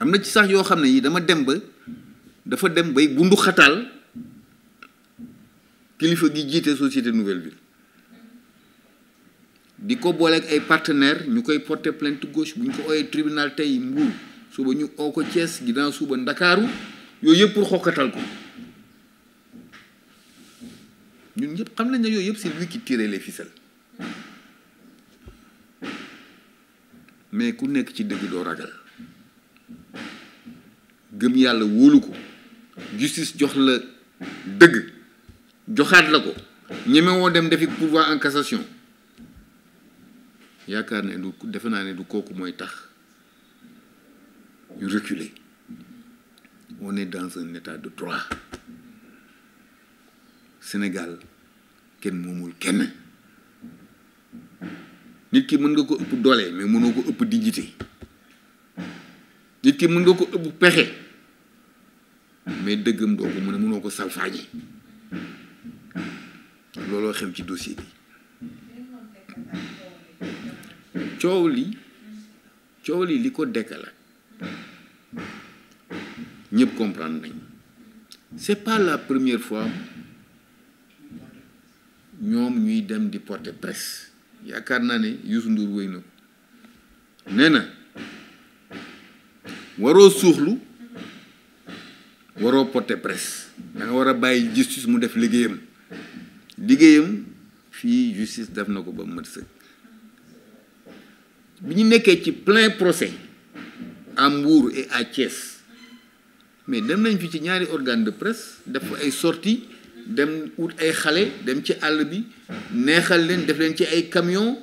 am na ci sax yoo xam ne yi dama dem ba dafa dem bay bundu kilifa gi jiite société nouvelle bi di ko booleeg ay partenaire ñu koy porter plainte gauche bu ñu ko ooyee tribunal tey Mbuur suba ñu oo ko Thiès ginnaaw suba Ndakaaru yooyu yëpp pour xokkatal ko ñun ñëpp xam nañ ne yooyu yëpp c'est lui qui tire les ficelles mais ku nekk ci dëgg doo ragal gëm yàlla wóolu ko justice jox la dëgg joxaat la ko ñemewoo dem defi pourvoi en cassation yaakaar ne du defe naa ne du kooku mooy tax yu reculer on ne dans un état de droit Sénégal kenn moomul kenn nit ki mën nga ko ëpp doole mais mënoo ko ëpp dignité nit ki mën nga ko ëpp pexe mais dëggam doo ko mën a mënoo ko salfaañe looloo xew ci dossier bi coow li coow li li ko dekkalaat ñëpp comprendre nañ c'est pas la première fois ñoom ñuy dem di porter presse yaakaar naa ne Youssou Ndour wéy na ko na waroo suuxlu waroo porté presse da nga war a bàyyi justice mu def liggéeyam liggéeyam fii justice def na ko ba mat sëkk bi ñu nekkee ci plein procès am Mbour et à Thiès mais dem nañ fi ci ñaari organe de presse def ay sorties dem wut ay xale dem ci àll bi neexal leen def leen ci ay camion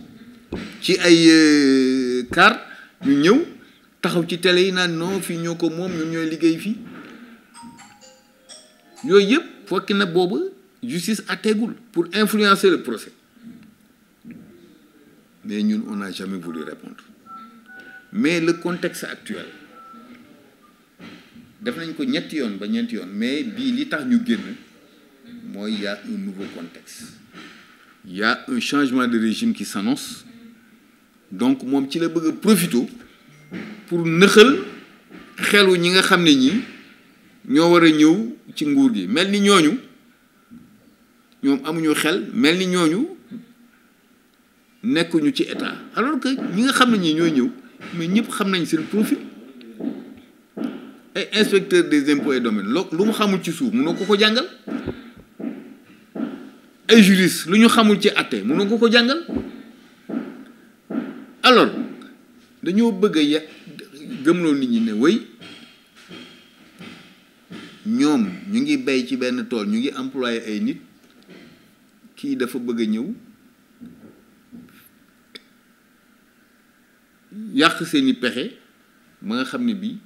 ci ay euh, car ñu ñëw taxaw ci tele yi naan non fii ñoo ko moom ñun ñooy liggéey fii yooyu yëpp fokki na boobu justice atteegul pour influencer le procès mais mais le contexte actuel def nañ ko ñetti yoon ba ñeenti yoon mais bii li tax ñu génn mooy il y un nouveau contexte il un changement de régime qui s'annonce donc moom ci la bëgg a pour nëxal xelu ñi nga xam ne ñi ñoo war a ñëw ci nguur gi mel ni ñooñu ñoom amuñu xel mel ni ñooñu nekkuñu ci état alors que ñi nga xam ne ñi ñooy ñëw mais ñëpp xam nañ seen profil ay inspecteur des impôts et domaines loo lu mu xamul ci suuf mënoo ko ko jàngal ay juriste lu ñu xamul ci atte mënu ko ko jàngal alors dañoo bëgg a ya gëmloo nit ñi ne wéy ñoom ñu ngi bay ci benn tool ñu ngi employé ay nit kii dafa bëgg a ñëw yàq seeni pexe ma nga xam ni bii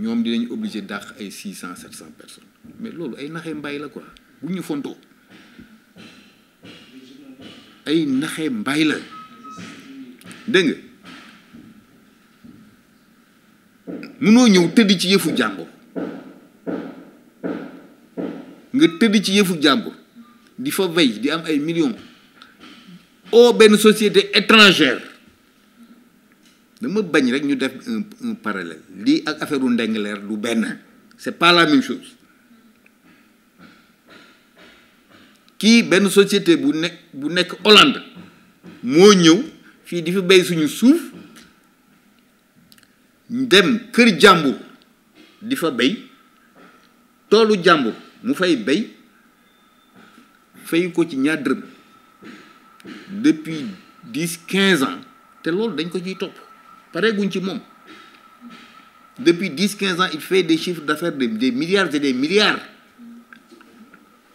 ñoom dinañ obligé dàq ay six cent sept cent personnes mais loolu ay naxee mbay la ko bu ñu fontoo ay naxe mbay la dégg nga munoo ñëw tëdd ci yëfu jàmbur nga tëdd ci yëfu jàmbur di fa vey di am ay millions oo benn société étrangère dama bañ rek ñu def un lii ak affaire u ndengleer du benn c'est pas la même chose kii benn société bu nekk bu nekk Hollande moo ñëw fii di fi béy suñu suuf dem kër jàmbur di fa béy toolu jàmbur mu fay béy fay ko ci ñaar dërëm depuis dix quinze ans te loolu dañ ko ciy topp pareeguñ ci moom depuis dix quinze ans il fait des chiffres d'affaires de des milliards et des milliards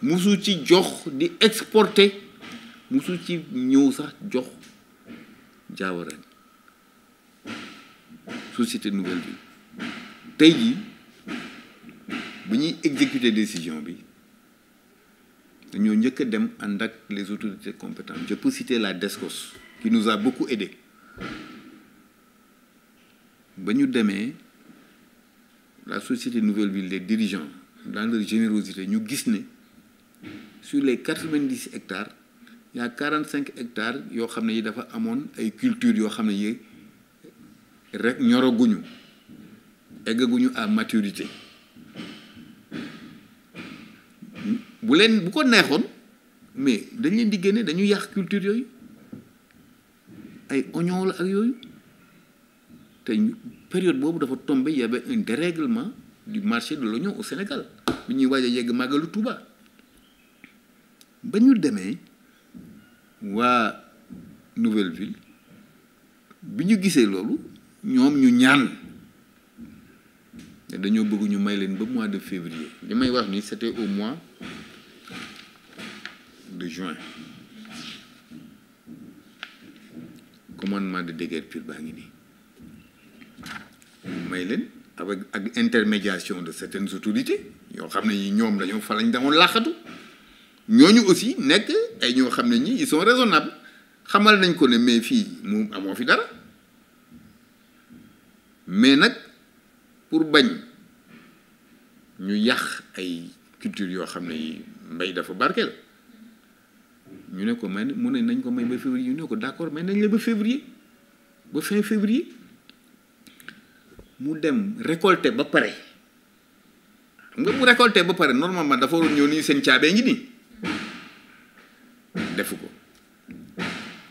musu ci jox di exporter musu ci ñëw sax jox jaawaraan société nouvelle bi tey jii ba ñuy exécuter décision bi dañoo njëkk dem ànd ak les autorités compétentes je peux citer la DESCOS qui nous a beaucoup aidé ba ñu demee la société nouvelle bi les dirigeants dans leur générosité ñu gis ni sur les quatre-vingt-dix hectares y a quarante-cinq hectares yoo xam ne yi dafa amoon ay cultures yoo xam ne yi rek ñoraguñu eggaguñu à maturité bu leen bu ko neexoon mais dañ leen di génne dañu yàq culture yooyu ay oignon la ak yooyu te période boobu dafa tombe y avait un dérèglement du marché de l'oignon au Sénégal bu ñuy waaj a yegg màggalu Touba ba ñu demee waa nouvelle ville bi ñu gisee loolu ñoom ñu ñaan dañoo bëgg ñu may leen ba mois de février li may wax ni c'était au mois de juin commandement de déguerpir baa ngi nii may leen avec ak intermédiation de certaines autorités yoo xam ne ñoom dañoo fa lañ demoon làqatu ñooñu aussi nekk ay ñoo xam ne ñi ils sont raisonnables xamal nañ ko ne mais fii mu amoo fi dara mais nag pour bañ ñu yàq ay culture yoo xam ne yi mbay dafa barkeel ñu ne ko may mu ne nañ ko may ba février ñu ne ko d'accord may nañ la ba février ba fin février mu dem récolter ba pare xam nga bu récolter ba pare normalement dafa waroon ñëw nii seen caabee ngi nii defu ko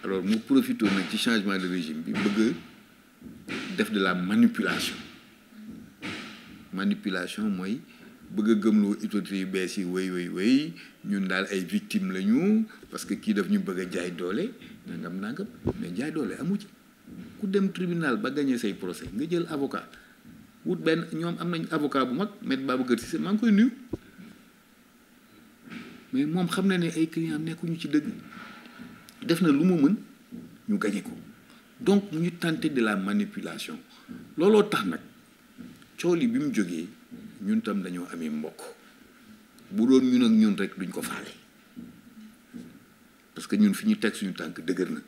alors mu profité nag ci changement de régime bi bëgg def de la manipulation manipulation mooy bëgg gëm gëmloo autorités yu bees yi wéy wéy wéy ñun daal ay victimes la ñu parce que kii daf ñu bëgg a jaay doole nangam nangam mais jaay doole amu ci ku dem tribunal ba gagné say procès nga jël avocat wut benn ñoom am nañ avocat bu mag maître Babacar Cissé maa ngi koy nuyu. mais moom xam na ni ay client nekkuñu ci dëgg def na lu mu mën ñu gañe ko donc ñu tenté de la manipulation looloo tax nag cooli bi mu jógee ñun tam dañoo amee mbokk bu doon ñun ak ñun rek duñ ko faale parce que ñun fi ñu teg suñu tànk dëgër na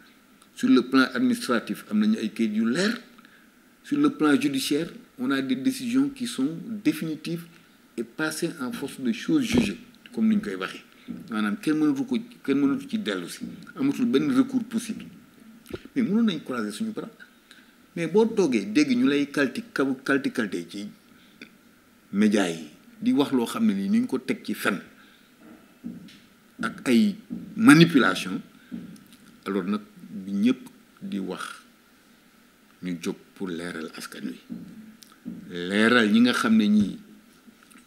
sur le plan administratif am nañu ay kayit yu leer su le plan judiciaire on a des décisions qui sont définitives et passées en force de choses jugées comme ni ñu koy waxee maanaam kenn mënatu ko kenn mënatu ci dellu si amatul benn recours possible mais mënoon nañ croiser suñu bras mais boo toogee dégg ñu lay kalti kalti kaltee ci médias yi di wax loo xam ne nii ni ñu ko teg ci fen ak ay manipulation alors nag bi ñëpp di wax ñu jóg pour leeral askan wi leeral ñi nga xam ne ñii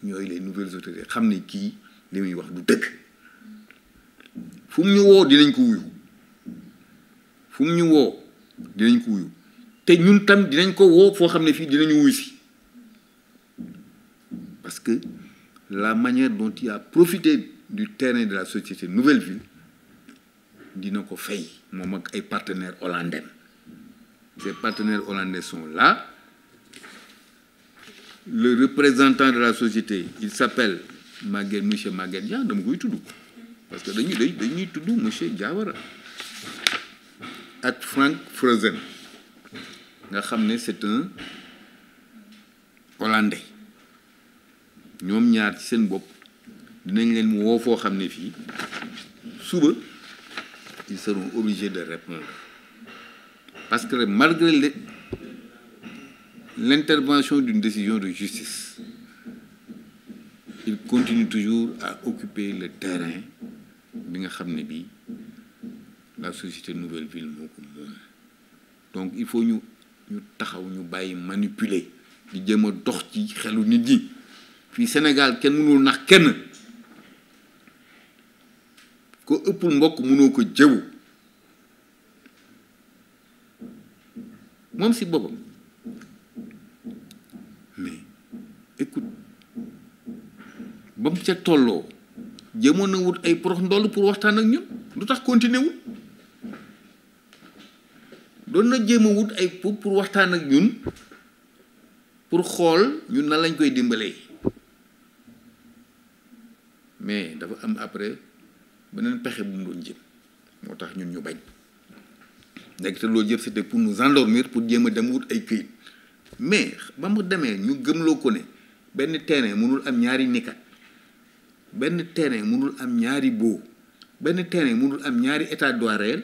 ñooy les nouvelles autorités xam ne kii li muy wax du dëgg fu mu ñu woo dinañ ko wuyu fu mu woo dinañ ko te ñun tam dinañ ko woo foo xam ne fii dinañu wuyu si parce que la manière dont il a profité du terrain de la société Nouvelle-Ville dina ko fay moom ak ay partenaires hollandais ces partenaires hollandais sont là le représentant de la société il s'appelle Maguette monsieur Maguette Dia dama koy tuddu parce que dañuy dañuy dañuy tudd monsieur Diawara ak Frank Frozen nga xam ne c'est un hollandais ñoom ñaar ci seen bopp dinañ leen woo foo xam ne fii suba ils seront obligés de répondre parce que malgré le l'intervention d'une décision de justice ils continuent toujours à occuper le terrain bi nga xam ne bii la société nouvelle ville moo ko moom donc il faut ñu ñu taxaw ñu bàyyi manipuler di jéem a dox ci xelu nit ñi fii Sénégal kenn mënul nax kenn ko ëpp mbokk mënoo ko jëw moom si boppam mais écoute ba mu tolloo jéemoon na wut ay prox ndoll pour waxtaan ak ñun lu tax continuer wut doon na jéem a wut ay pour pour waxtaan ak ñun pour xool ñun nan lañ koy dimbalee mais dafa am après beneen pexe bu mu doon jëm moo tax ñun ñu bañ nekk te loolu yëpp c'était pour nous endormir pour jéem a dem wut ay këyit mais ba mu demee ñu gëmloo ko ne benn terrain mënul am ñaari nikat benn terrain mënul am ñaari boo benn terrain mënul am ñaari état de droit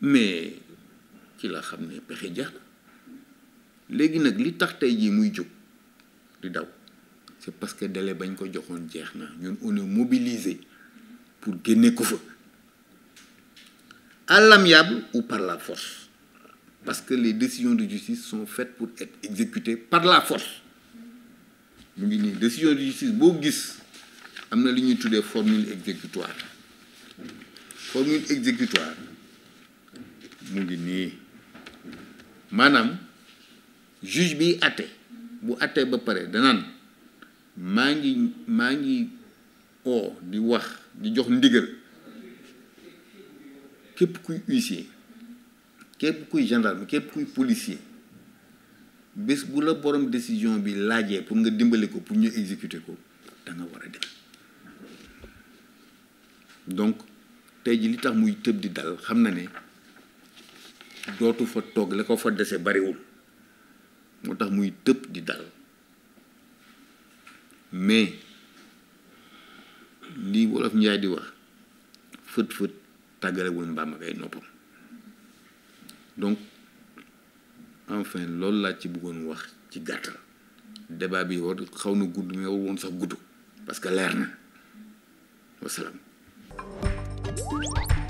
mais ci la xam ne pexe jeex léegi nag li tax tey jii muy jóg di daw c'est parce que délai bañ ko joxoon jeex na ñun on est mobilisé pour génne ko fa à l'amiable ou par la force parce que les décisions de justice sont faites pour être exécutées par la force mu ngi nii décision de justice boo gis am na li ñuy tuddee formule exécutoire formule exécutoire mu ngi nii maanaam juge bi àtte bu àttee ba pare danaan maa ngi maa ngi oo di wax di jox ndigal képp kuy huissier képp kuy gendarme képp kuy policier bés bu la borom décision bi laajee pour nga dimbali ko pour ñu exécuter ko da war a dem donc tey ji li tax muy tëb di dal xam na ne dootu fa toog la ko fa dese bariwul moo tax muy tëb di dal mais li wolof njaay di wax fët fët tàggalewul mbaam ak ay noppam donc enfin loolu laa ci bëggoon wax ci gàttal débat bi war xaw na gudd mais woon sax gudd parce que leer na wasalaam Thank you.